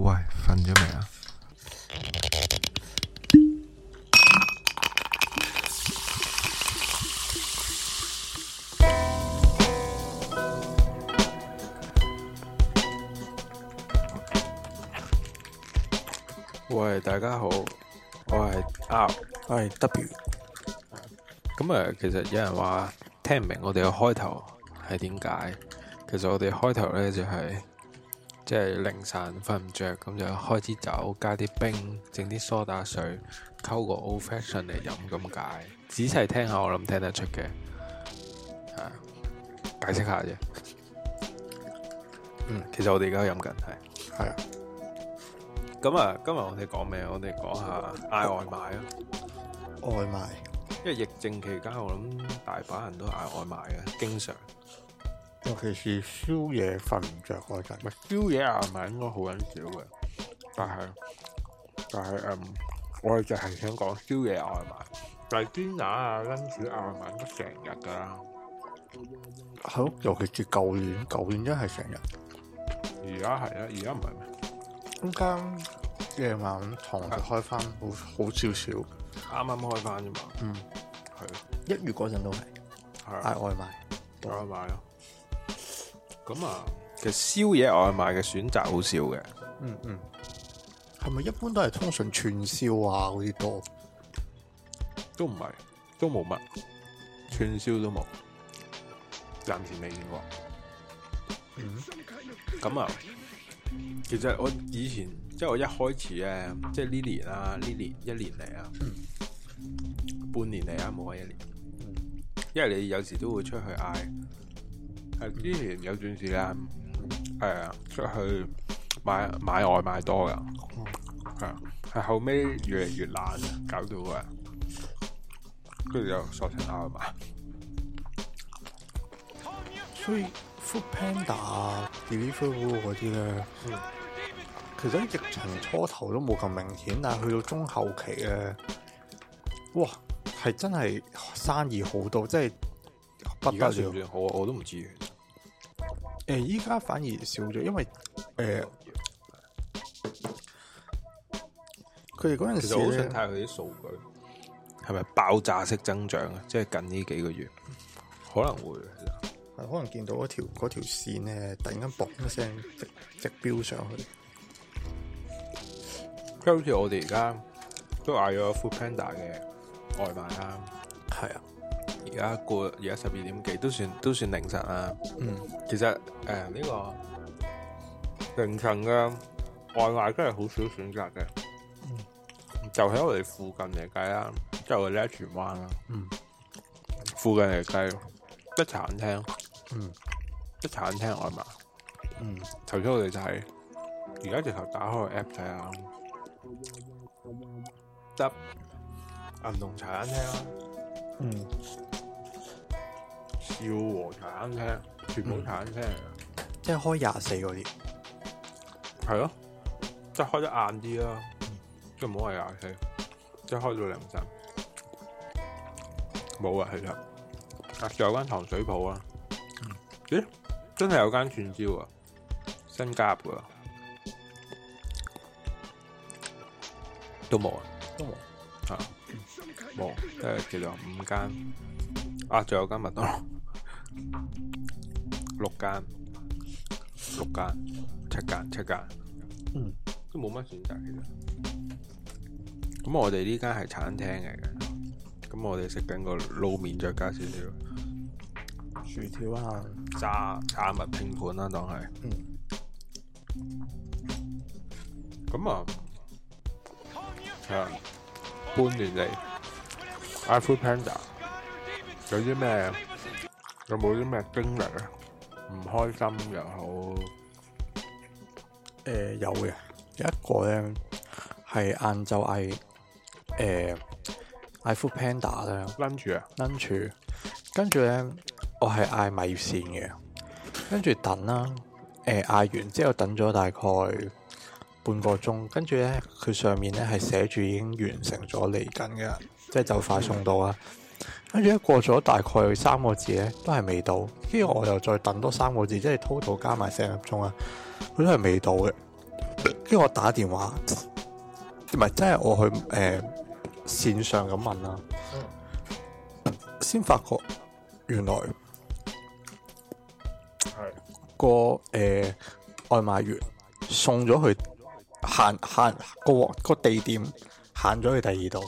喂，瞓咗未啊？喂，大家好，我係 R，我係 W。咁啊、呃，其實有人話聽唔明我哋嘅開頭係點解？其實我哋開頭咧就係、是。即係凌晨瞓唔着，咁就開支酒，加啲冰，整啲梳打水，溝個 old fashion 嚟飲咁解。仔細聽下，我諗聽得出嘅，係解釋下啫。嗯，其實我哋而家飲緊係。係啊。咁啊，今日我哋講咩？我哋講下嗌外賣咯。外賣。因為疫症期間，我諗大把人都嗌外賣嘅，經常。尤其是宵夜瞓唔著嗰陣，咪宵夜外賣應該好緊少嘅，但係但係，嗯，我哋就係想講宵夜外賣，大尖牙啊、珍珠啊，買咗成日噶啦，好。尤其是舊年，舊年真係成日，而家係啊，而家唔係咩？依家夜晚堂就開翻，好好少少，啱啱開翻啫嘛。嗯，係啊，一月嗰陣都係嗌外賣，嗌外賣咯。咁啊，其實宵夜外賣嘅選擇好少嘅。嗯嗯，係咪一般都係通常串燒啊嗰啲多？都唔係，都冇乜串燒都冇，暫時未見過。咁、嗯、啊，其實我以前即係我一開始咧，即係呢年啦，呢年一年嚟啊、嗯，半年嚟啊冇開一年、嗯，因為你有時都會出去嗌。係之前有段時間，係啊，出去買買外賣多噶，係、嗯、係後屘越嚟越懶、嗯、啊，搞到啊，跟住又索性外賣。所以 Foodpanda 啊、Delivery 嗰啲咧，其實疫情初頭都冇咁明顯，但係去到中後期咧，哇，係真係生意好多，真係不得了。算唔算好啊？我都唔知。誒，依家反而少咗，因為誒，佢哋嗰陣時咧，其實好想睇下佢啲數據係咪爆炸式增長啊！即係近呢幾個月，可能會係可能見到嗰條嗰條線咧，突然間砰一聲直直飆上去，即係好似我哋而家都嗌咗 Food Panda 嘅外賣啦，係啊。而家過而家十二點幾，都算都算凌晨，嗯呃這個凌晨嗯、啊。嗯，其實誒呢個凌晨嘅外賣都係好少選擇嘅。就喺我哋附近嚟計啦，就係荃灣啦。嗯，附近嚟計，一茶餐廳、嗯嗯。嗯，一茶餐廳外賣。嗯，頭先我哋就係而家直頭打開個 app 睇下，得銀龍茶餐廳。嗯。要和茶餐廳，全部茶餐廳嚟即係開廿四嗰啲，係、嗯、咯，即係開、啊、開得晏啲啦，即係唔好係廿四，即係開咗兩陣，冇啊，係、嗯、啦，24, 其實啊仲有間糖水鋪啊、嗯，咦，真係有間串燒啊，新加入嘅，都冇啊，都冇，吓，冇，即係五間，啊，仲、啊、有間麥當勞。啊六間，六間，七間，七間，嗯，都冇乜選擇其實。咁我哋呢間係餐廳嚟嘅，咁我哋食緊個撈麵再加少少薯條啊、炸炸物拼盤啦、啊、當係。嗯。咁啊，係、嗯、啊、嗯，半年嚟、嗯、Foodpanda 有啲咩？有冇啲咩經歷、嗯呃呃、啊？唔開心又好？誒有嘅，有一個咧係晏晝嗌誒嗌 food panda 咧，lunch 啊，lunch，跟住咧我係嗌米線嘅，跟住等啦，誒、呃、嗌完之後等咗大概半個鐘，跟住咧佢上面咧係寫住已經完成咗嚟緊嘅，即係、就是、就快送到啦！跟住一過咗大概三個字咧，都係未到。跟住我又再等多三個字，即係 total 加埋四粒鐘啊，佢都係未到嘅。跟住我打電話，唔係，即係我去誒、呃、線上咁問啦。先發覺原來係、嗯、個誒、呃、外賣員送咗去行行個個地點行咗去第二度。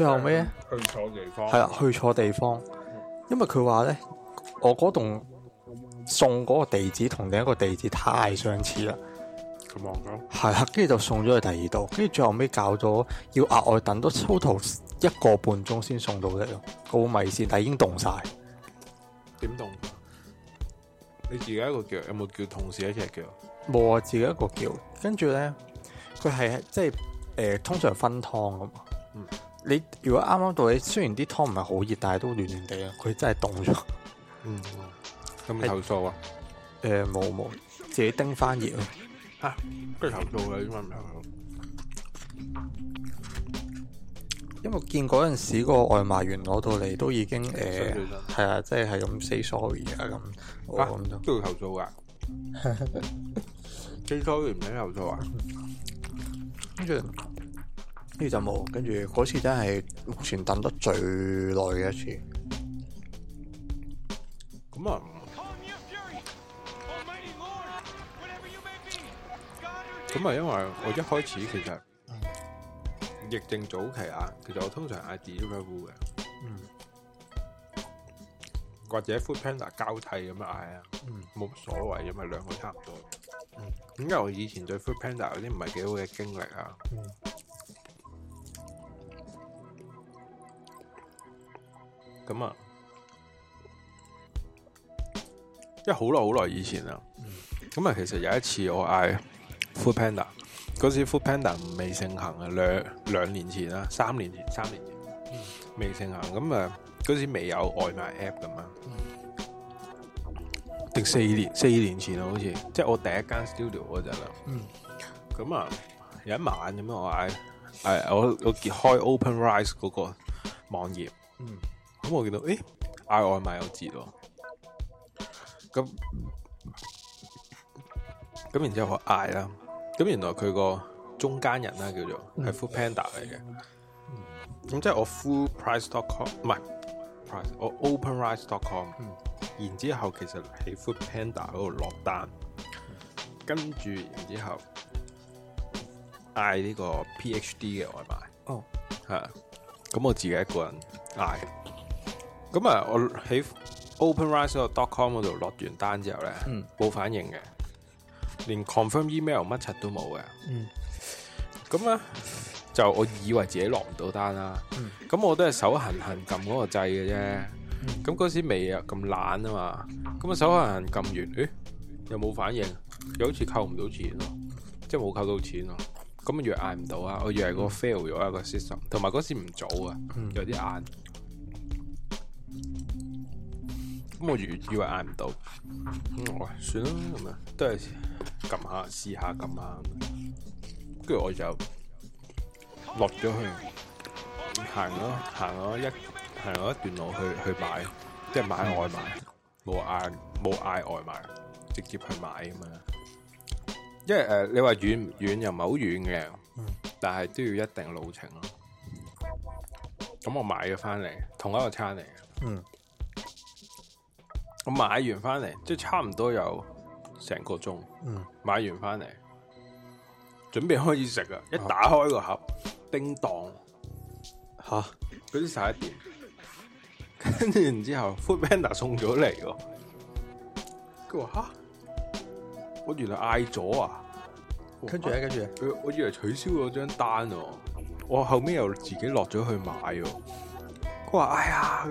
最後尾去錯地方？係啊，去錯地方，嗯、因為佢話咧，我嗰棟送嗰個地址同另一個地址太相似啦，咁啊，係啦，跟住就送咗去第二度，跟住最後尾搞咗要額外等多粗頭一個半鐘先送到嚟，高米線，但已經凍晒，點凍？你自己一個叫，有冇叫同事一齊叫？冇啊，自己一個叫。跟住咧，佢係即係誒，通常分湯啊嘛。嗯你如果啱啱到你，你雖然啲湯唔係好熱，但係都暖暖地啊！佢真係凍咗。嗯，有冇投訴啊？誒，冇、呃、冇，自己叮翻熱啊！吓，跟住投訴嘅點解唔有？因為見嗰陣時個外賣員攞到嚟、嗯、都已經誒，係、呃、啊，即係係咁 say sorry 啊咁。啊，都要投訴㗎 ？say sorry 唔使投訴啊？跟住。跟住就冇，跟住嗰次真係目前等得最耐嘅一次。咁、嗯、啊、咁、嗯、啊、嗯嗯嗯，因為我一開始其實、嗯、疫症早期啊，其實我通常嗌 different 嘅，嗯，或者 Foodpanda 交替咁樣嗌啊，冇、嗯、乜所謂，因為兩個差唔多。嗯，因為我以前對 Foodpanda 有啲唔係幾好嘅經歷啊。嗯咁啊，因為好耐好耐以前啦。咁、嗯、啊，其實有一次我嗌 Food Panda 嗰時 Food Panda 未盛行啊，兩兩年前啦，三年前三年前、嗯、未盛行。咁啊，嗰時未有外賣 app 咁嘛？定、嗯、四年四年前啊，好似即係我第一間 studio 嗰陣啦。咁、嗯、啊，有一晚咁樣，我嗌誒，我我開 Open Rice 嗰個網頁。嗯咁我見到誒，嗌外賣，有字囉咁咁，然之後我嗌啦。咁原來佢個中間人啦，叫做係 Foodpanda 嚟嘅。咁即係我 Food Price dot com 唔係 Price，我 OpenRice dot com。然之後其實喺 Foodpanda 嗰度落單，跟住然之後嗌呢個 PhD 嘅外賣。哦，吓咁我自己一個人嗌。咁啊，我喺 OpenRice.com 嗰度落完單之後咧，冇反應嘅，連 confirm email 乜柒都冇嘅。咁啊，就我以為自己落唔到單啦。咁我都係手痕痕撳嗰個掣嘅啫。咁嗰時未啊，咁懶啊嘛。咁啊手痕痕撳完，誒，又冇反應，又好似扣唔到錢咯，即係冇扣到錢咯。咁啊，又嗌唔到啊，我以為個 fail 咗一個 system，同埋嗰時唔早啊，有啲晏。咁我預以為嗌唔到，咁我話算啦咁樣，都係撳下試下撳下，跟住我就落咗去，行咗行咗一行咗一段路去去買，即係買外賣，冇嗌冇嗌外賣，直接去買咁樣。因為誒，你話遠遠又唔係好遠嘅，但係都要一定路程咯。咁我買咗翻嚟，同一個餐嚟。嗯，我買完翻嚟，即係差唔多有成個鐘。嗯，買完翻嚟，準備開始食啊！一打開一個盒，叮當，吓，嗰啲十一點，跟住然之後，Foodpanda 送咗嚟喎。佢話吓，我原來嗌咗啊。跟住咧、啊，跟住、啊，佢、啊啊、我以為取消咗張單哦，我後尾又自己落咗去買哦。佢話哎呀。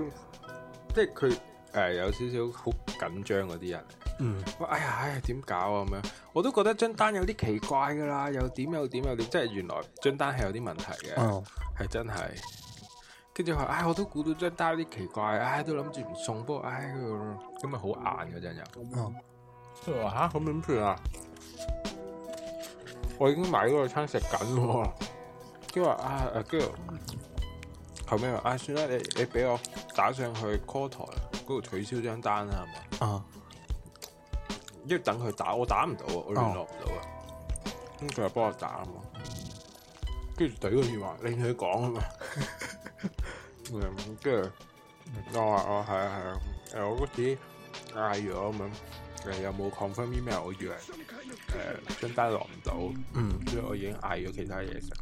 即係佢誒，有少少好緊張嗰啲人。嗯。喂，哎呀，哎，點搞啊？咁樣，我都覺得張單有啲奇怪噶啦，又點又點又點，即係原來張單係有啲問題嘅，係、嗯、真係。跟住話，哎，我都估到張單有啲奇怪，哎，都諗住唔送。波、哎，過，哎，咁咪好硬嘅真係。嗯。佢話吓，咁點算啊？我已經買嗰個餐食緊。跟住話，啊阿 Jo，、啊、後尾話，哎、啊，算啦，你你俾我。打上去 call 台嗰度取消張單啦，係咪？啊！要等佢打，我打唔到啊，我聯絡唔到啊。咁佢又幫我打啊嘛。跟住第一個電話令佢講啊嘛。跟住我話我係係誒，我嗰時嗌咗咁樣誒，嗯、又有冇 confirm email 我以為誒張、呃、單落唔到，嗯，跟住我已經嗌咗其他嘢食，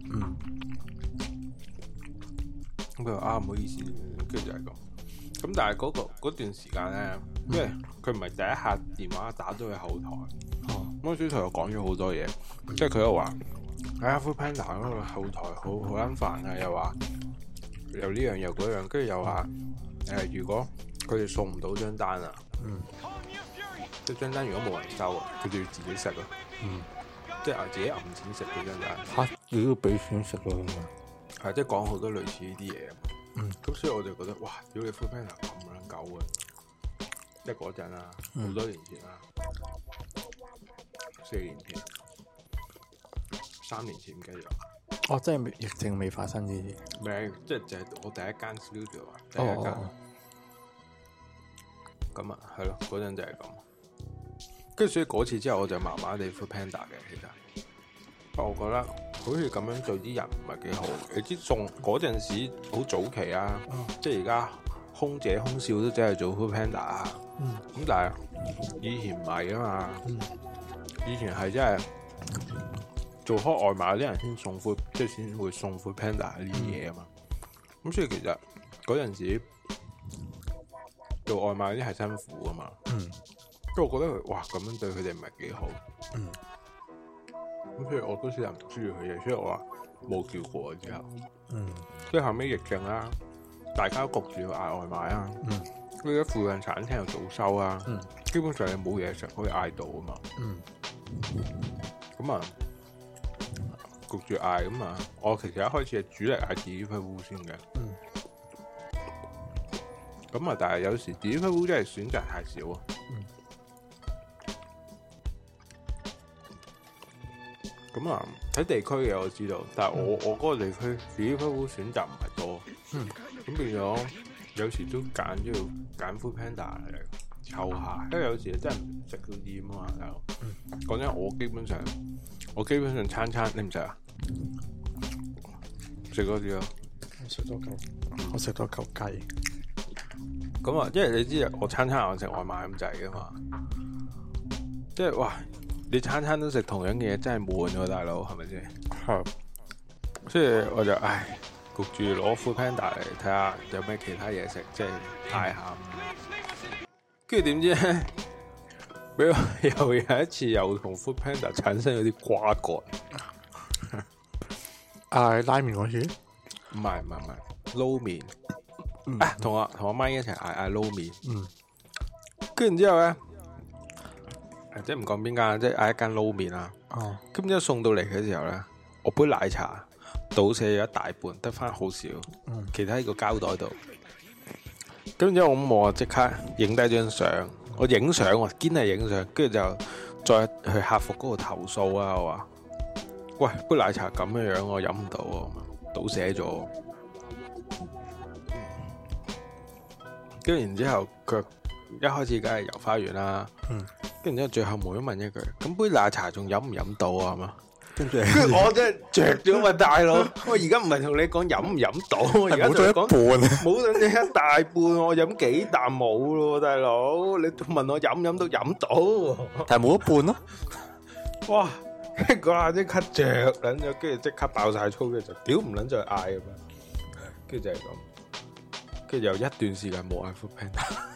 嗯、mm -hmm.。咁佢話啊，唔、oh. 好意思。跟住就係咁，這個，咁但係嗰，那個嗰段時間咧，、嗯，因為佢唔係第一下電話打到去後台，咁佢先頭又講咗好多嘢，即係佢又話喺 Foodpanda 嗰個後台好好撚煩啊，又話又呢樣又嗰樣，跟住又話誒，如果佢哋送唔到張單啊，嗯，即係張、哎嗯啊呃單，單，嗯、單如果冇人收啊，佢哋要自己食啊，嗯，即係自己揞錢食嗰張單，嚇，你要俾錢食咯，係、嗯、即係講好多類似呢啲嘢。嗯，咁所以我就覺得哇，屌你，Foodpanda 咁撚搞嘅，即係嗰陣啊，好、嗯、多年前啊，嗯、四年前、三年前咁解咗。哦，即係疫情未發生呢啲，未，即係就係、是、我第一間 studio 啊，第一間。咁、哦、啊，係咯，嗰陣就係咁。跟住所以嗰次之後我就麻麻地 Foodpanda 嘅，其實，我覺得。好似咁樣對啲人唔係幾好。你知送嗰陣時好早期啊，即係而家空姐空少都淨係做 Foodpanda 啊。嗯。咁但係以前唔係啊嘛。嗯。以前係真係做開外賣嗰啲人先送貨，即係先會送 Foodpanda 啲、嗯、嘢啊嘛。咁所以其實嗰陣時做外賣嗰啲係辛苦啊嘛。嗯。咁我覺得佢，哇，咁樣對佢哋唔係幾好。嗯。咁所以我都少人唔鍾意佢嘅，所以我話冇叫過之後，嗯，即係後尾疫症啦，大家都焗住要嗌外賣啊，嗯，所以附近餐廳又早收啊，嗯，基本上你冇嘢食可以嗌到啊嘛，嗯，咁啊，焗住嗌咁啊，我其實一開始係主力嗌紙皮烏先嘅，嗯，咁啊，但係有時紙皮烏真係選擇太少啊。嗯咁啊，喺地區嘅我知道，但係我、嗯、我嗰個地區自己 BBQ 選擇唔係多，咁、嗯、變咗有時都揀要揀 Foodpanda 嚟湊下、嗯，因為有時真係唔食到點啊嘛，又講真，我基本上我基本上餐餐你唔食啊？食、嗯、多啲啊，我食多嚿，我食多嚿雞。咁、嗯、啊，因為你知道我餐餐我食外賣咁滯噶嘛，即、就、係、是、哇！你餐餐都食同樣嘅嘢真係悶喎，大佬係咪先？嚇！所以我就唉，焗住攞 Foodpanda 嚟睇下有咩其他嘢食，即係太鹹。跟住點知？我，又有一次又同 Foodpanda 產生咗啲瓜葛。嗌、啊啊、拉麪嗰次？唔係唔係唔係，撈麵。同我同阿媽一齊嗌嗌撈麵。嗯、啊。跟住之後咧。即係唔講邊間，即係嗌一間撈麵啦。哦，咁之後送到嚟嘅時候咧，我杯奶茶倒瀉咗一大半，得翻好少。其他喺個膠袋度。咁、嗯、之後我啊，即刻影低張相。我影相，堅係影相，跟住就再去客服嗰度投訴啊！我話：喂，杯奶茶咁嘅樣，我飲唔到，倒瀉咗。跟、嗯、住然之後佢一開始梗係遊花園啦。嗯。然之後最後冇咁問一句，咁杯奶茶仲飲唔飲到啊？嘛，跟住我真係着咗嘛，大佬。我而家唔係同你講飲唔飲到，而家冇咗一半，冇剩你一大半。我飲幾啖冇咯，大佬。你問我飲唔飲都飲到，但係冇一半咯。哇！即係講下即刻着緊咗，跟住即刻爆晒粗嘅就屌唔撚再嗌咁樣，跟住就係咁，跟住有一段時間冇嗌 Foodpanda。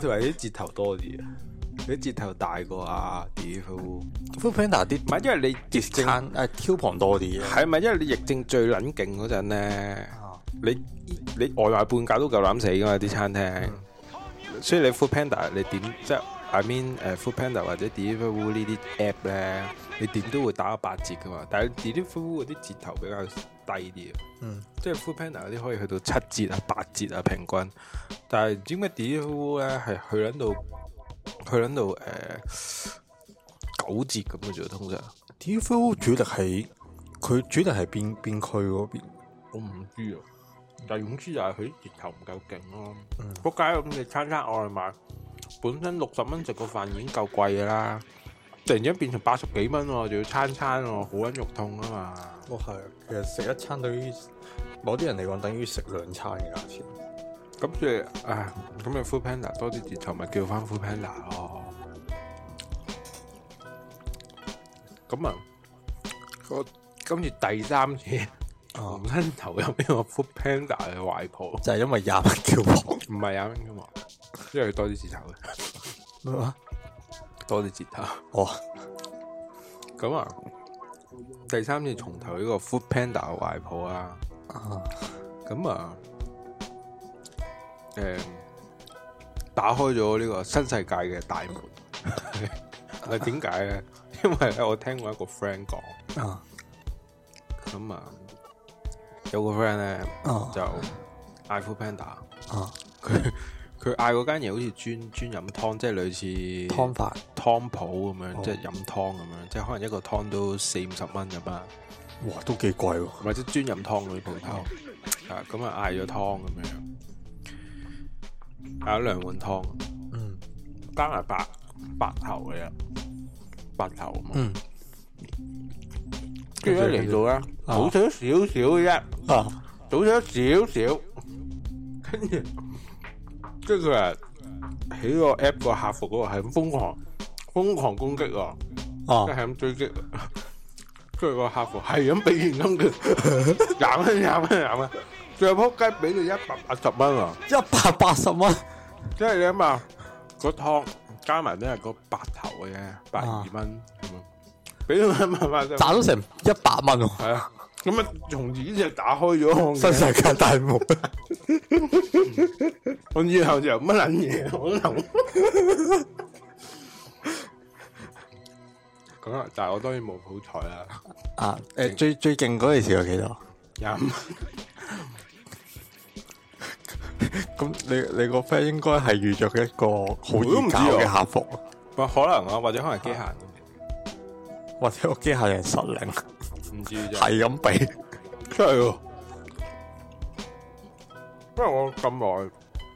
同埋啲折頭多啲，啲折頭大過啊 Deliveroo Foodpanda 啲。唔係， 因為你折餐啊 coupon 多啲嘅，係咪因為你疫症最撚勁嗰陣咧？你你外賣半價都夠膽死噶嘛啲餐廳，所以你 Foodpanda 你點即係 I mean 誒、uh, Foodpanda 或者 Deliveroo 呢啲 app 咧，你點都會打個八折噶嘛。但係 Deliveroo 嗰啲折頭比較低啲，嗯，即係 Foodpanda 嗰啲可以去到七折啊、八折啊平均，但係唔知咩 d f u l 咧係去度，去到誒、呃、九折咁嘅仲通啫。d f u l 主力係佢主力係邊邊區嗰邊？我唔知啊，但係總之就係佢折頭唔夠勁咯、啊。仆街咁你餐餐外賣，本身六十蚊食個飯已經夠貴嘅啦。突然間變成八十幾蚊喎，仲要餐餐喎，好撚肉痛啊嘛！哦係，其實食一餐對於，某啲人嚟講等於食兩餐嘅價錢。咁即係，唉，咁啊 Food Panda 多啲折頭咪叫翻 Food Panda 咯，哦。咁啊，我跟住第三嘢，重新投入呢個 Food Panda 嘅懷抱，就係、是、因為廿蚊 coupon 唔係廿蚊 coupon 即係多啲折頭嘅。 多啲吉他，哦，咁啊，第三次重頭呢個 Food Panda 嘅懷抱啊，啊！咁啊，誒，打開咗呢個新世界嘅大門。係點解咧？因為咧，我聽過一個 friend 講，啊，咁啊，有個 friend 咧，就嗌 Food Panda，啊、uh.。佢嗌嗰間嘢好似專專飲湯，即係類似湯飯湯鋪咁樣，即係飲湯咁樣，即係可能一個湯都四五十蚊咋嘛。哇，都幾貴喎、啊！或者專飲湯嗰啲鋪頭，係咁 啊嗌咗湯咁樣，嗌咗兩碗湯。嗯，加埋白白頭嘅，白頭、嗯、啊嘛。跟嚟到咧，好少少少啫，好、啊、少少少，跟住。即係佢係起個 app 客、那個啊、個客服嗰 個係咁瘋狂瘋狂攻擊啊，即係咁追擊，即係個客服係咁俾現金佢廿蚊廿蚊廿蚊，最後仆街俾你一百八十蚊啊！一百八十蚊，即係你諗下個湯加埋都係個八頭嘅啫，百二蚊咁樣，俾咗一百蚊，賺到成一百蚊啊！係啊。咁啊，從此就打開咗新世界大門、 嗯。我以後就乜撚嘢可能？咁 啊，但、呃、係 我當然冇好彩啦。啊，誒，最最勁嗰件事有幾多？廿五。咁你你個 friend 應該係遇着一個好嚴苛嘅客服。啊，可能啊，或者可能機械、啊，人、啊。或者個機械人失靈。係咁俾，真係喎。因為我咁耐，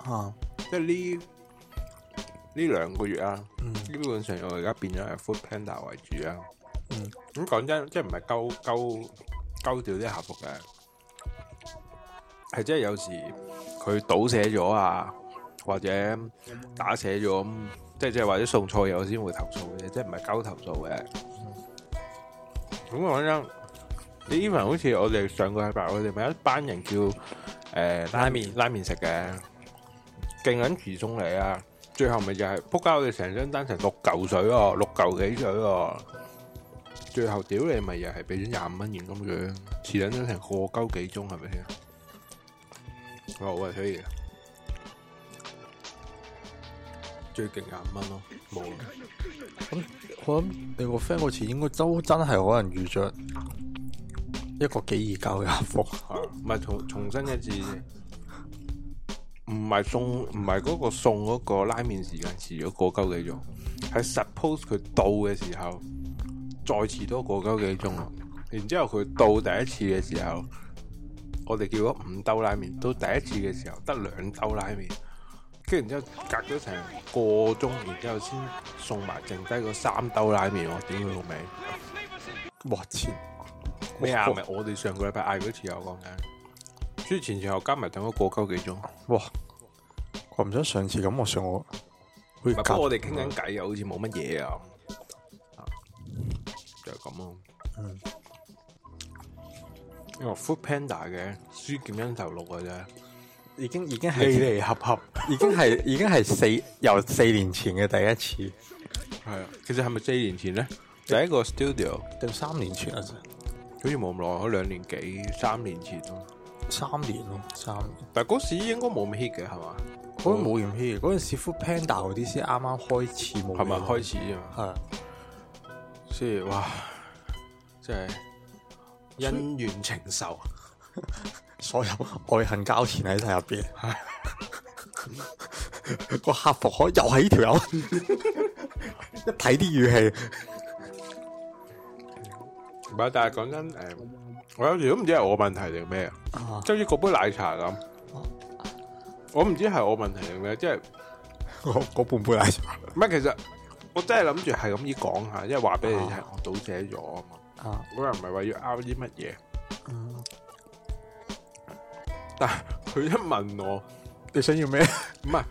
嚇、啊，即係呢呢兩個月啊，基本上我而家變咗係 Foodpanda 為主啦、啊。咁、嗯、講真，即係唔係鳩鳩鳩掉啲客服嘅？係即係有時佢倒寫咗啊，或者打寫咗，即係即係或者送錯嘢，我先會投訴嘅。即係唔係鳩投訴嘅？咁、嗯、講真。你 even 好似我哋上個禮拜，我哋咪一班人叫誒、呃、拉麪拉麪食嘅，勁緊時中嚟啊！最後咪就係、是，仆街！我哋成張單成六嚿水喎、哦，六嚿幾水喎、哦！最後屌你咪又係俾咗廿五蚊現金嘅，遲咗成個鳩幾鐘係咪先？哇、哦、喂，可以最勁廿五蚊咯，冇、欸。我諗你個 friend 好似應該都真係可能遇著。一個幾易教嘅客服吓，唔係重重新一次，唔係送唔係嗰個送嗰個拉麵時間遲咗過鳩幾鐘，係 suppose 佢到嘅時候再遲多過鳩幾鐘，然之後佢到第一次嘅時候，我哋叫咗五兜拉麵，到第一次嘅時候得兩兜拉麵，跟住然之後隔咗成個鐘，然之後先送埋剩低個三兜拉麵，我點佢個味， 哇！切。咩啊？咪我哋上個禮拜嗌嗰次有講嘅，所前前後加埋等咗過鳩幾鐘。哇！我唔想上次咁我上我。不，不，不我哋傾緊偈又好似冇乜嘢啊。就係咁咯。哦，Food Panda 嘅書點樣頭錄嘅啫，已經已經係你合合，已經係已經係四 由四年前嘅第一次。係啊，其實係咪四年前咧？就係一個 studio 定三年前啊？好似冇咁耐，嗰兩年幾三年前咯，三年咯，三年。但係嗰時應該冇咁 hit 嘅係嘛？嗰陣冇咁 hit，嗰陣時 Foodpanda 嗰啲先啱啱開始，係咪開始啫嘛？係。雖然哇，真係恩怨情仇，所， 所有愛恨交纏喺身入邊。個 客服可又係呢條友， 一睇啲語氣。但係講真，誒，我有時都唔知係我問題定咩啊，即係似嗰杯奶茶咁，我唔知係我問題定咩，即係我半杯奶茶。唔係，其實我真係諗住係咁易講下，因為話俾你聽，uh -huh. 我倒瀉咗啊嘛，uh -huh. 我又唔係話要拗啲乜嘢，uh -huh. 但係佢一問我 你想要咩，唔係。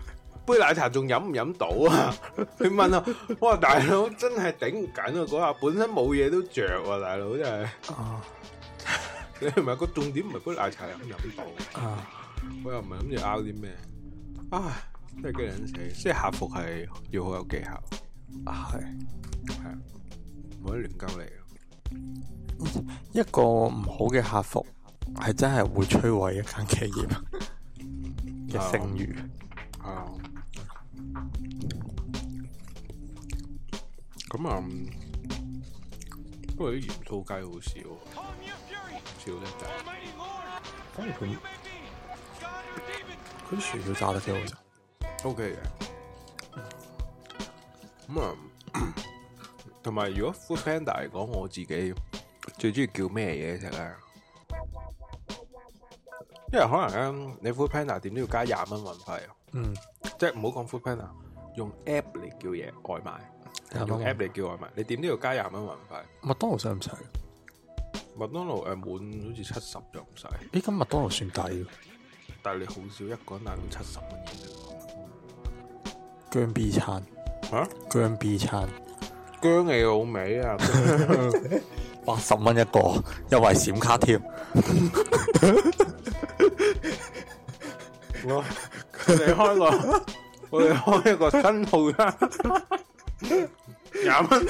杯奶茶仲飲唔飲到啊？你問我，哇，大佬真係頂緊啊！嗰下本身冇嘢都着啊，大佬真係。哦。你唔係，個重點唔係杯奶茶飲唔飲到。啊。我又唔係諗住拗啲咩。啊。真係驚人死。即係客服係要好有技巧。啊係。係啊。唔可以亂鳩你。一個唔好嘅客服係真係會摧毀一間企業嘅聲譽。啊。咁啊，不過啲鹽醋雞好少，少咧就反而佢佢少炸得好食 OK 嘅咁啊。同、okay、埋，嗯、如果 Foodpanda 嚟講，我自己最中意叫咩嘢食咧？因為可能咧，你 Foodpanda 點都要加廿蚊運費，嗯，即係唔好講 Foodpanda，用 app 嚟叫嘢外賣。有部 app 你叫外賣，你點都要加廿蚊運費。麥當勞使唔使？麥當勞誒滿好似七十就唔使。呢間麥當勞算抵，但係你好少一個人買到七十蚊嘢。姜 B 餐吓？姜 B 餐姜係好味啊！八十蚊一個，又為閃卡添 。我哋開個我哋開一個新套餐。 廿蚊，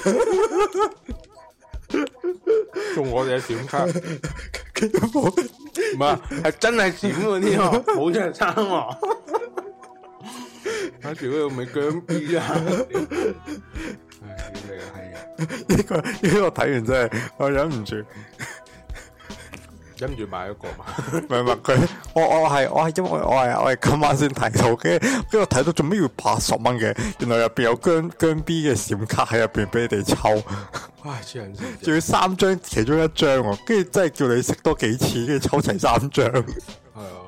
仲 我哋一閃卡，唔 係，係真係閃嗰啲冇着衫喎，跟住嗰個咪、啊、姜 B 啊、 這個，係真係係，呢個呢個睇完真係，我忍唔住。 跟住買一個嘛，明白佢，我我係我係因為我係我係今晚先睇到嘅，跟住睇到做咩要八十蚊嘅，原來入邊有姜姜 B 嘅閃卡喺入邊俾你哋抽，哇，仲要三張其中一張喎、哦，跟住真係叫你食多幾次，跟住抽齊三張，係啊，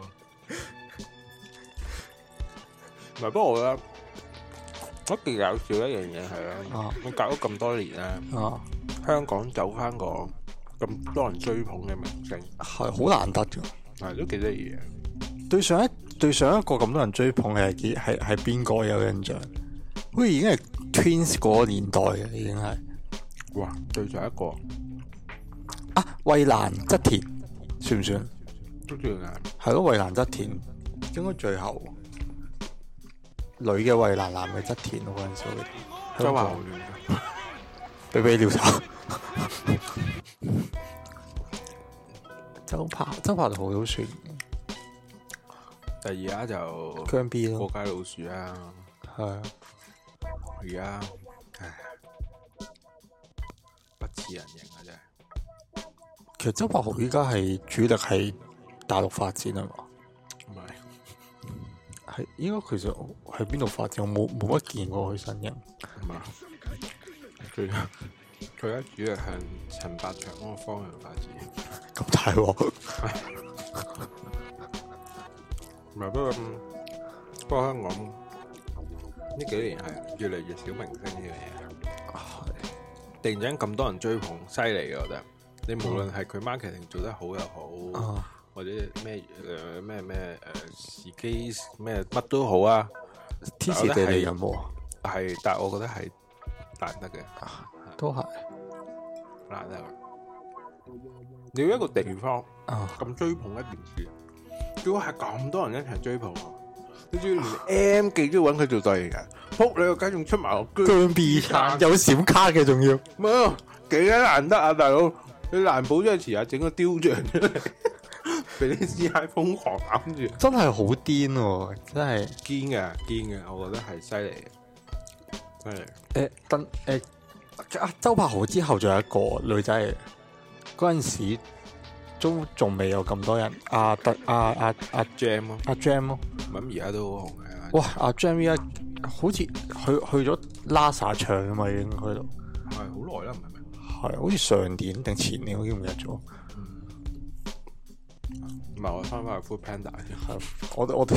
唔係不過我覺得我幾搞笑一樣嘢係啊，我隔咗咁多年啊，香港走翻港。咁多人追捧嘅明星係好難得嘅，係都幾得意嘅。對上一對上一個咁多人追捧嘅幾係係邊個有印象？好似已經係 Twins 嗰個年代嘅已經係。哇，對上一個，個，上一個啊，衛蘭、側田算唔算？係咯，衛蘭、側田應該最後女嘅衛蘭，男嘅側田，我係所以。真話，俾 你尿 周柏周柏豪好算，但而家就姜 B 咯，過街老鼠啊，係啊，而家唉，不似人形啊真係。其實周柏豪而家係主力喺大陸發展啊嘛？唔係，係應該其實喺邊度發展？我冇冇乜見過佢身影。唔係，佢佢而家主要向陳百祥嗰個方向發展。咁大鑊，係 不過，香港呢幾年係越嚟越少明星呢樣嘢。突然之間咁多人追捧，犀利嘅，我覺得。嗯、覺得你無論係佢 marketing 做得好又好，啊，或者咩，誒咩咩，誒時機咩乜都好啊。天時地利，但我覺得係，係，啊，但係我覺得係難得嘅，啊，都係難得。你要一個地方咁追捧一件事，仲要係咁多人一齊追捧，你仲要連、oh. M 記都揾佢做代言人，撲你個街仲出埋個姜 B 㗎，有閃卡嘅仲要，冇幾難得啊，大佬你難保咗遲啊整個雕像俾啲師奶瘋狂攬住，真係好癲，真係堅嘅堅嘅，我覺得係犀利嘅，係誒、欸，等誒阿周柏豪之後仲有一個女仔。嗰陣時都仲未有咁多人、啊，阿特阿阿阿 Jam 咯，阿 Jam 咯，咁而家都紅、啊啊啊 Gem，啊 Gem，啊 Gem。好紅嘅。哇！阿 Jam 依家好似去去咗拉薩場咁嘛，應該係好耐啦，唔係唔係好似上年定前年，我已經唔記得咗。唔、嗯、係、啊，我翻翻去 Foodpanda 啫。我 我哋我 突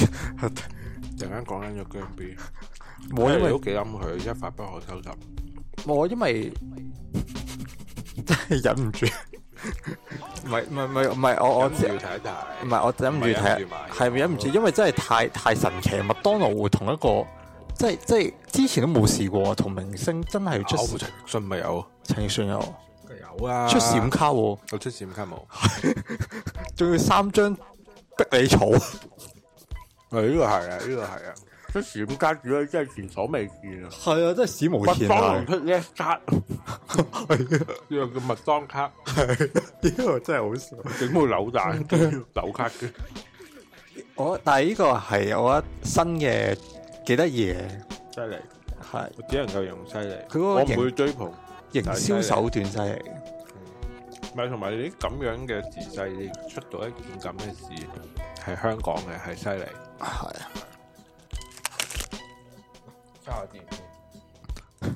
然間講緊咗 Jam B，冇因為幾諗佢一發不可收拾。我因為真係 忍唔住。唔係唔係唔係，我我諗睇一睇。唔係我忍唔住睇，係忍唔住，因為真係太太神奇。麥當勞會同一個，即係即係之前都冇試過，同明星真係出。陳奕迅咪有？陳奕迅有？有啊！出閃卡喎、哦，我出閃卡冇。仲 要三張逼你草，呢個係啊呢個係啊。這個出閃家主咧真係前所未見啊！係啊，真係史無前例。麥當勞出 F 卡，係啊，呢個叫麥當卡。係，呢個真係好笑，整部扭蛋扭卡嘅。我但係呢個係我覺得新嘅幾得意，犀利係。我只能夠用犀利。佢嗰個營銷手段犀利，唔係同埋你啲咁樣嘅事，犀利出到一件咁嘅事係香港嘅，係犀利。係。差啲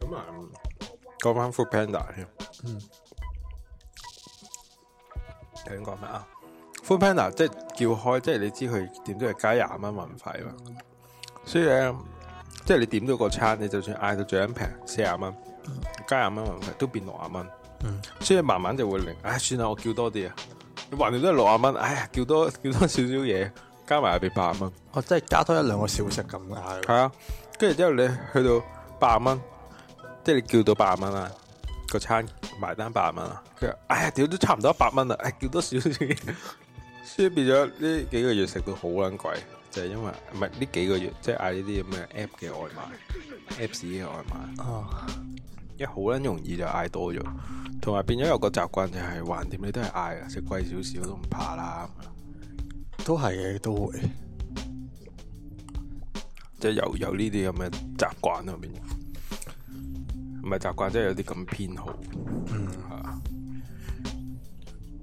咁、 嗯嗯、啊！講返 Foodpanda 添，頭先講咩啊？Foodpanda 即係叫開，即係你知佢點都要加廿蚊運費嘛？所以咧，嗯、即係你點咗個餐，你就算嗌到最平四十蚊，嗯、加廿蚊運費都變六十蚊。嗯、所以慢慢就會令，唉、哎，算啦，我叫多啲啊！你橫掂都係六十蚊，唉、哎、呀，叫多叫多少少嘢。加埋又變八啊蚊，我真係加多一兩個小食咁解。係啊，跟住之後你去到八啊蚊，即係你叫到八啊蚊啦，個餐埋單八啊蚊啦。佢話：哎呀，屌都差唔多一百蚊啦，誒叫多少少。所以變咗呢幾個月食到好撚貴，就係因為唔係呢幾個月，即係嗌呢啲咁嘅 app 嘅外賣，apps 嘅外賣。哦，因為好撚容易就嗌多咗，同埋變咗有個習慣就係，橫掂你都係嗌啊，食貴少少都唔怕啦。都係嘅，都會，即係有有呢啲咁嘅習慣入邊，唔係習慣，即係有啲咁偏好，嗯，係。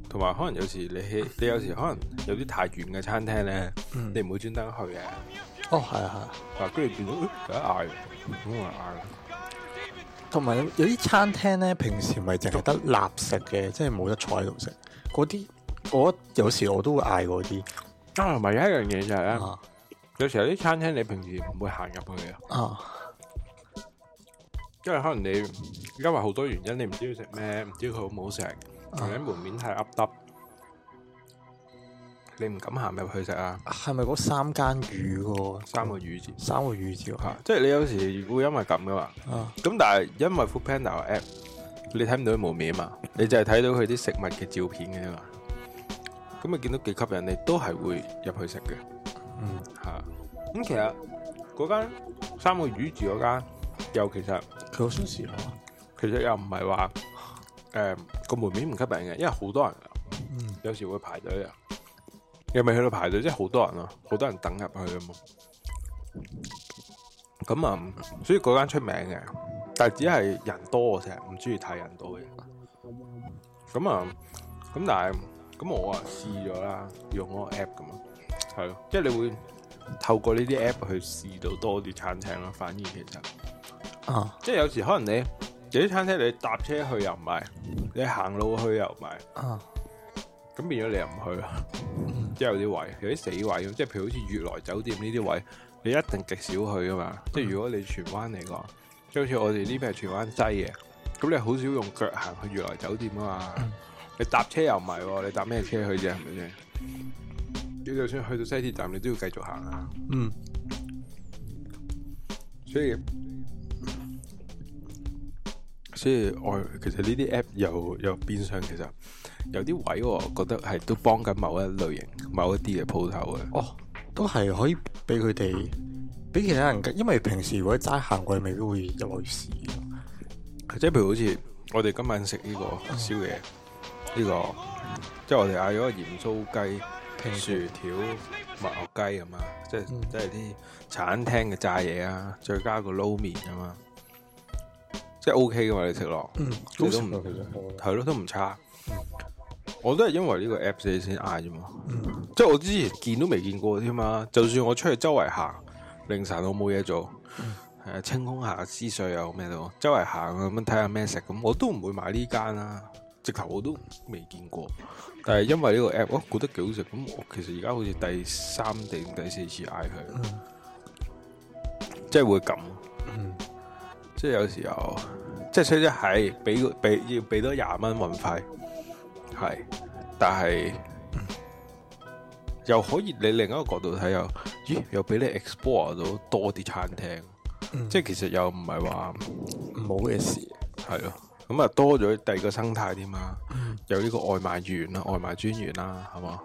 同埋可能有時你你有時可能有啲太遠嘅餐廳咧、嗯，你唔會專登去嘅。哦，係啊，係。嗱、呃，跟住見到，哎、呃，咁咪嗌。同、呃、埋、呃、有啲餐廳咧，平時唔係淨係得立食嘅、嗯，即係冇得坐喺度食。嗰啲，我有時我都會嗌嗰啲。啊，同埋有一樣嘢就係咧，有時候啲餐廳你平時唔會行入去啊，因為可能你因為好多原因，你唔知要食咩，唔知佢好唔好食，或者門面太噏耷，你唔敢行入去食啊。係咪嗰三間魚喎？三個魚字，三個魚字嚇，即係你有時會因為咁噶嘛。咁但係因為 Foodpanda app，你睇唔到佢門面嘛，你就係睇到佢啲食物嘅照片嘅啫嘛。咁咪見到幾吸引你，都係會入去食嘅。嗯，咁、嗯、其實嗰間三個魚住嗰間，又其實佢好新鮮啊。其實又唔係話誒個門面唔吸引嘅，因為好多人啊、嗯。有時會排隊啊。又咪去到排隊，即係好多人咯，好多人等入去啊嘛。咁、嗯、啊，所以嗰間出名嘅，但係只係人多嘅啫，我成日唔中意睇人多嘅。咁、嗯、啊，咁、嗯嗯、但係。咁我啊試咗啦，用嗰個 app 㗎嘛。係咯，即係你會透過呢啲 app 去試到多啲餐廳啦。反而其實，啊、uh.，即係有時可能你有啲餐廳你搭車去又唔係，你行路去又唔係，啊，咁變咗你又唔去啦 即係有啲位，有啲死位，即係譬如好似悅來酒店呢啲位，你一定極少去噶嘛。Uh. 即係如果你荃灣嚟講，即係好似我哋呢邊係荃灣西嘅，咁你好少用腳行去悅來酒店啊嘛。Uh. 你搭車又唔係，你搭咩車去啫？係咪先？你就算去到西鐵站，你都要繼續行啊。嗯，所以所以我其實呢啲 app，又又變相其實有啲位置我覺得係都幫緊某一類型某一啲嘅鋪頭嘅。哦，都係可以俾佢哋俾其他人，因為平時如果齋行過嚟，未必會入嚟試咯。即係譬如好似我哋今晚食呢個燒嘢。呢、這個即係我哋嗌咗個鹽酥雞、薯條、麥樂雞咁嘛，即係、嗯、即係啲餐廳嘅炸嘢啊，再加個撈麵啊嘛，即係 OK 噶嘛，你食落、嗯，都唔係咯，都唔差、嗯。我都係因為呢個 app 先先嗌啫嘛，即係我之前見都未見過添嘛，就算我出去周圍行，凌晨都冇嘢做，誒、嗯、清空下思緒啊，咩咯？周圍行咁樣睇下咩食，咁我都唔會買呢間啦。直頭我都未見過，但係因為呢個 app，我覺得幾好食，咁我其實而家好似第三定第四次嗌佢，嗯，即係會咁，嗯，即係有時候，即係雖然係俾俾要俾多廿蚊運費，係，但係，嗯、又可以你另一個角度睇又，咦，又俾你 explore 到多啲餐廳，嗯，即係其實又唔係話唔好嘅事，係咯。咁啊，多咗第二個生態添啊，有呢個外賣員啦、嗯、外賣專員啦，係嘛？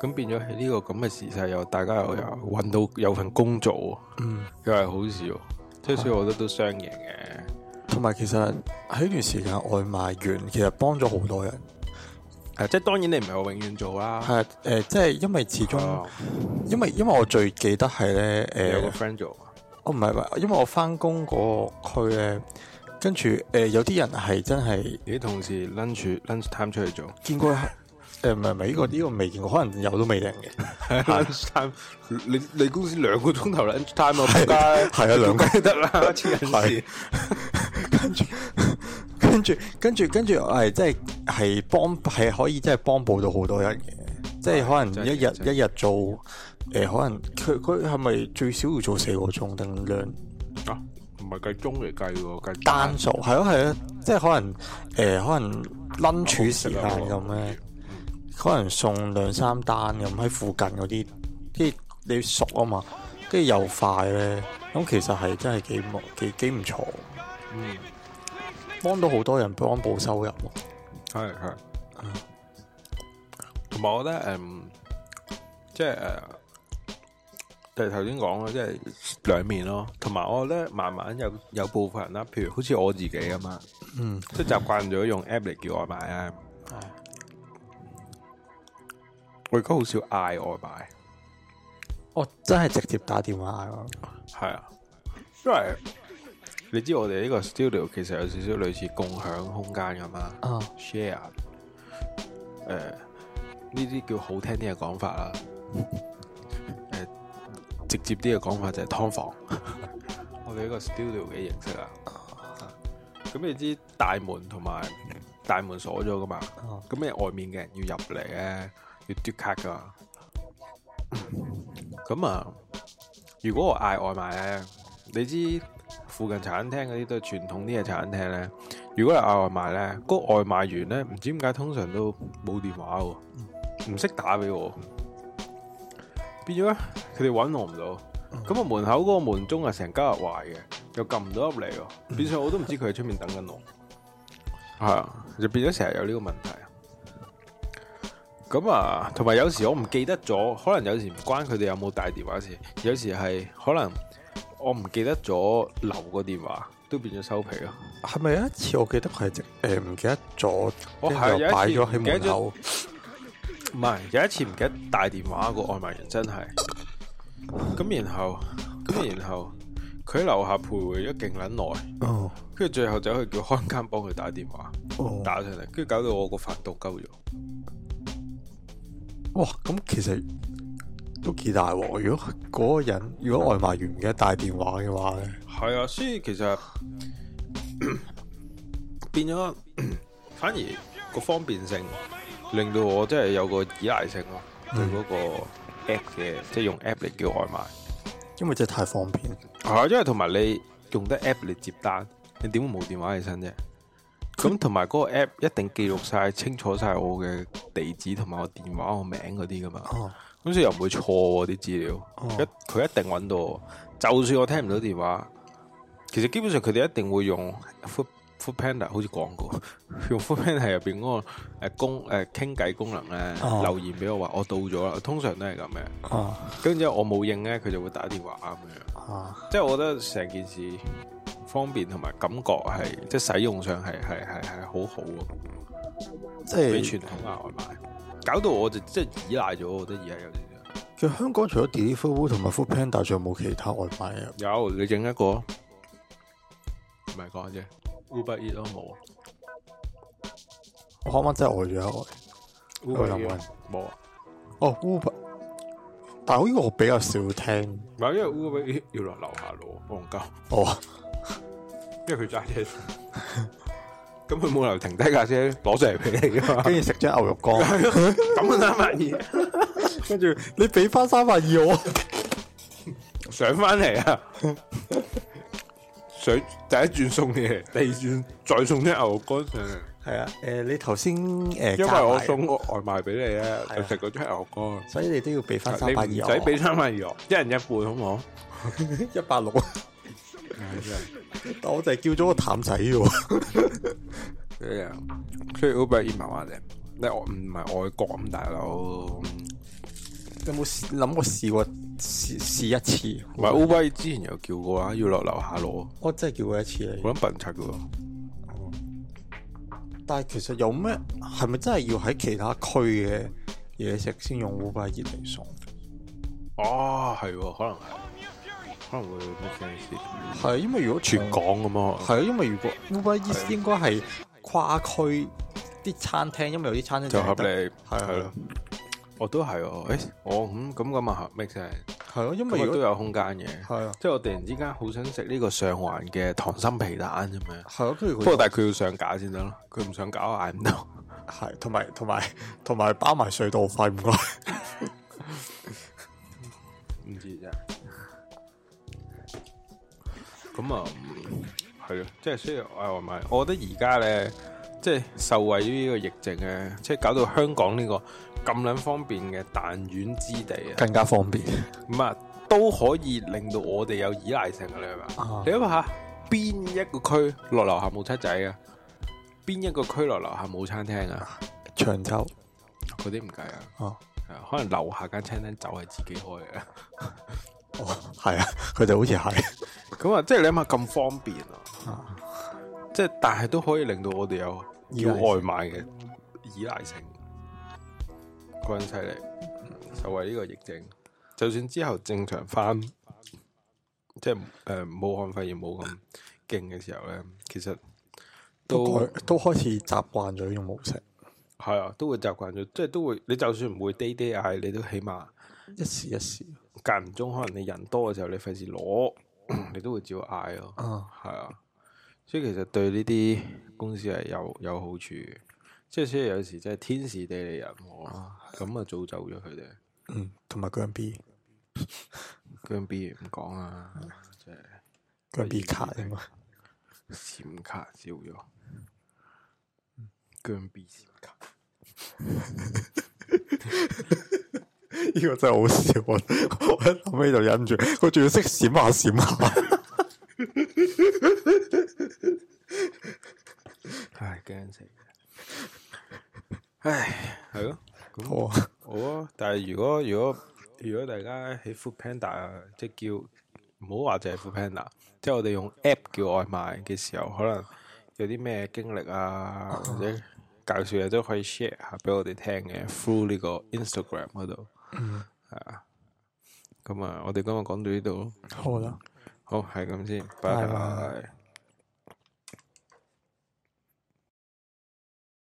咁、嗯、變咗喺呢個咁嘅時勢，又大家又又搵、嗯、到有份工作，嗯，又係好事，即係所以我覺得都雙贏嘅。同埋其實喺段時間，外賣員其實幫咗好多人，誒、啊，即係當然你唔係我永遠做啦，係誒、啊呃，即係因為始終、啊，因為因為我最記得係咧，誒、呃，有個 friend 做，我唔係，因為我翻工嗰個區咧。呃跟住，誒、呃，有啲人係真係啲同事 lunch lunch time 出嚟做，見過，誒、呃，唔係唔係呢個呢、這個未見過，可能有都未定嘅。lunch time，你你公司兩個鐘頭 lunch time 啊，兩間係啊，兩個得啦，千人事。跟住，跟住，跟住，跟住，誒、嗯，即係係幫，係可以即係幫到到好多人嘅、哎，即係可能、就是、一日、就是、一日做，誒、呃，可能佢佢係咪最少要做四個鐘定兩？等唔係計鐘嚟計喎，計單，單數係咯係咯，即係可能誒、呃，可能 lunch 時間咁咧，可能送兩三單咁喺附近嗰啲，即係你熟啊嘛，跟住又快咧，咁其實係真係幾冇幾唔錯，嗯嗯，嗯，幫到好多人幫補收入喎，係係，同埋我覺得誒，即係誒。就係頭先講嘅即係兩面咯。同埋我呢，慢慢有有部分人啦，譬如好似我自己啊嘛，嗯，即係習慣咗用 app 嚟叫外賣啊。嗯、我而家好少嗌外賣。我真係直接打電話嗌、啊。係啊，因為你知我哋呢個 studio 其實有少少類似共享空間㗎嘛。啊、share、呃。誒，呢啲叫好聽啲嘅講法啦。嗯直接啲嘅講法就係劏房， 我哋一個 studio 嘅形式啊。咁 你知大門同埋大門鎖咗噶嘛？咁、嗯、你外面嘅人要入嚟咧，要嘟卡噶。咁 啊，如果我嗌外賣咧，你知附近茶餐廳嗰啲都係傳統啲嘅茶餐廳咧。如果係嗌外賣咧，嗰、嗰個外賣員咧，唔知點解通常都冇電話喎，唔識打俾我。變咗咩？佢哋搵我唔到，咁啊門口嗰個門鐘啊成日壞嘅，又撳唔到入嚟喎。變相我都唔知佢喺出面等緊我，係啊，就變咗成日有呢個問題。咁啊，同埋有時我唔記得咗，可能有時唔關佢哋有冇帶電話事，有時係可能我唔記得咗留個電話，都變咗收皮呀。係咪有一次我記得係誒唔記得咗，跟住就擺咗喺門口。唔係，有一次唔記得帶電話，個外賣員真係，咁 然後咁然後佢喺樓下徘徊咗勁撚耐，跟、uh、住 -oh. 最後走去叫看更幫佢打電話，uh -oh. 打上嚟，跟住搞到我個飯毒鳩咗。哇，咁其實都幾大鑊喎，哦！如果嗰個人如果外賣員唔記得帶電話嘅話咧，係啊，所以其實 變咗反而， 個方便性。令到我真係有個依賴性咯，對嗰個 app 嘅，即係用 app 嚟叫外賣，因為真係太方便。係，因為同埋你用得 app 嚟接單，你點會冇電話喺身啫？咁同埋嗰個 app 一定記錄晒清楚晒我嘅地址同埋我電話、我名嗰啲㗎嘛？咁所以又唔會錯啲資料，而家佢一定揾到我。就算我聽唔到電話，其實基本上佢哋一定會用。Foodpanda 好似講過，用 Foodpanda 入邊嗰個誒公誒傾偈功能咧、啊，留言俾我話我到咗啦。通常都係咁嘅，跟、啊、住我冇應咧，佢就會打電話咁樣、啊。即係我覺得成件事方便同埋感覺係，即係使，使用上係係係係好好嘅。即係傳統嘅外賣，搞到我就即係依賴咗。我覺得而家有啲嘢。其實香港除咗 Delivery 同埋 Foodpanda，仲有冇其他外賣啊？有，你整一個，唔係講啫。烏伯葉都冇，我可唔可真係呆咗啊？烏伯葉冇啊，哦烏伯，但係好似我比較少聽，唔係因為烏伯葉要落樓下攞，戇鳩，哦，因為佢揸車，咁佢冇留停低架車攞出嚟俾你噶嘛，跟住食咗牛肉乾，咁三百二，跟住你俾翻三百二我，上翻嚟啊！上第一轉送嘢，第二轉再送啲牛肝上嚟。係啊，誒你頭先誒，因為我送個外賣俾你啊，就食嗰張牛肝，所以你都要俾翻三百二。唔使俾三百二，一人一半好唔好？一百六。但我就係叫咗個淡仔喎。一樣，所以好不易麻麻地，你外唔係外國咁大佬，有冇諗過試過？試試一次，買烏龜之前有叫過啊，要落樓下攞。我真係叫過一次嚟。我諗笨柒嘅喎。但係其實有咩係咪真係要喺其他區嘅嘢食先用烏龜熱嚟送？啊、哦，係，可能係，可能會咩事？係，因為如果全港咁嘛。係啊，因為如果烏龜熱應該係跨區啲餐廳，因為有啲餐廳就合理，係係咯。我都係哦，誒，我咁咁咁啊，make sense，係、哦、咯、嗯啊，因為都有空間嘅，係啊，即係我突然之間好想食呢個上環嘅溏心皮蛋，咁咩、啊？係咯，不過但係佢要上架先得咯，佢唔想搞 I know。係，同埋同埋同埋包埋隧 知道費唔該，唔知啫。咁、嗯、啊，係啊，即係雖然誒，唔係，我覺得而家咧，即、就、係、是、受惠於呢個疫症啊，即、就、係、是、搞到香港呢、這個。咁撚方便嘅彈丸之地啊，更加方便，咁啊都可以令到我哋有依賴性嘅，你係嘛？啊、你諗下，邊一個區落樓下冇七仔啊？邊一個區落樓下冇餐廳啊？長洲嗰啲唔計啊，哦，係啊，可能樓下間餐廳就係自己開嘅、哦， 哦，係啊，佢哋好似係 咁啊，即係你諗下咁方便啊，即、啊、係、就係，但係都可以令到我哋有要外賣嘅依賴性。個人犀利就為呢個疫症。就算之後正常翻，即係誒、呃，武漢肺炎冇咁勁嘅時候咧，其實都都，都開始習慣咗呢種模式。係、嗯、啊，都會習慣咗，即係都會。你就算唔會 day day 嗌，你都起碼一時一時，間、嗯、唔中可能你人多嘅時候，你費事攞，你都會照嗌咯。啊，係啊，所以其實對呢啲公司係有有好處。即係，有時真係天時地利人和，咁啊，造就咗佢哋。嗯，同埋姜 B，姜 B 唔講啊，即係姜 B 卡啊嘛，閃卡笑咗，姜、嗯、B 閃卡，呢 個真係好笑，我我後屘就忍唔住，我仲要識閃下閃下， 唉，驚死！唉，係咯，好啊，好啊，但係如果如果如果大家喺 Foodpanda 即係叫，唔好話淨係 Foodpanda，即係我哋用 app 叫外賣嘅時候，可能有啲咩經歷啊，或者介紹嘢都可以 share 下俾我哋聽嘅 ，through 呢個 Instagram 嗰度，係 啊，咁啊，我哋今日講到呢度咯，好啦，好係咁先，拜拜。Bye. Bye. Bye.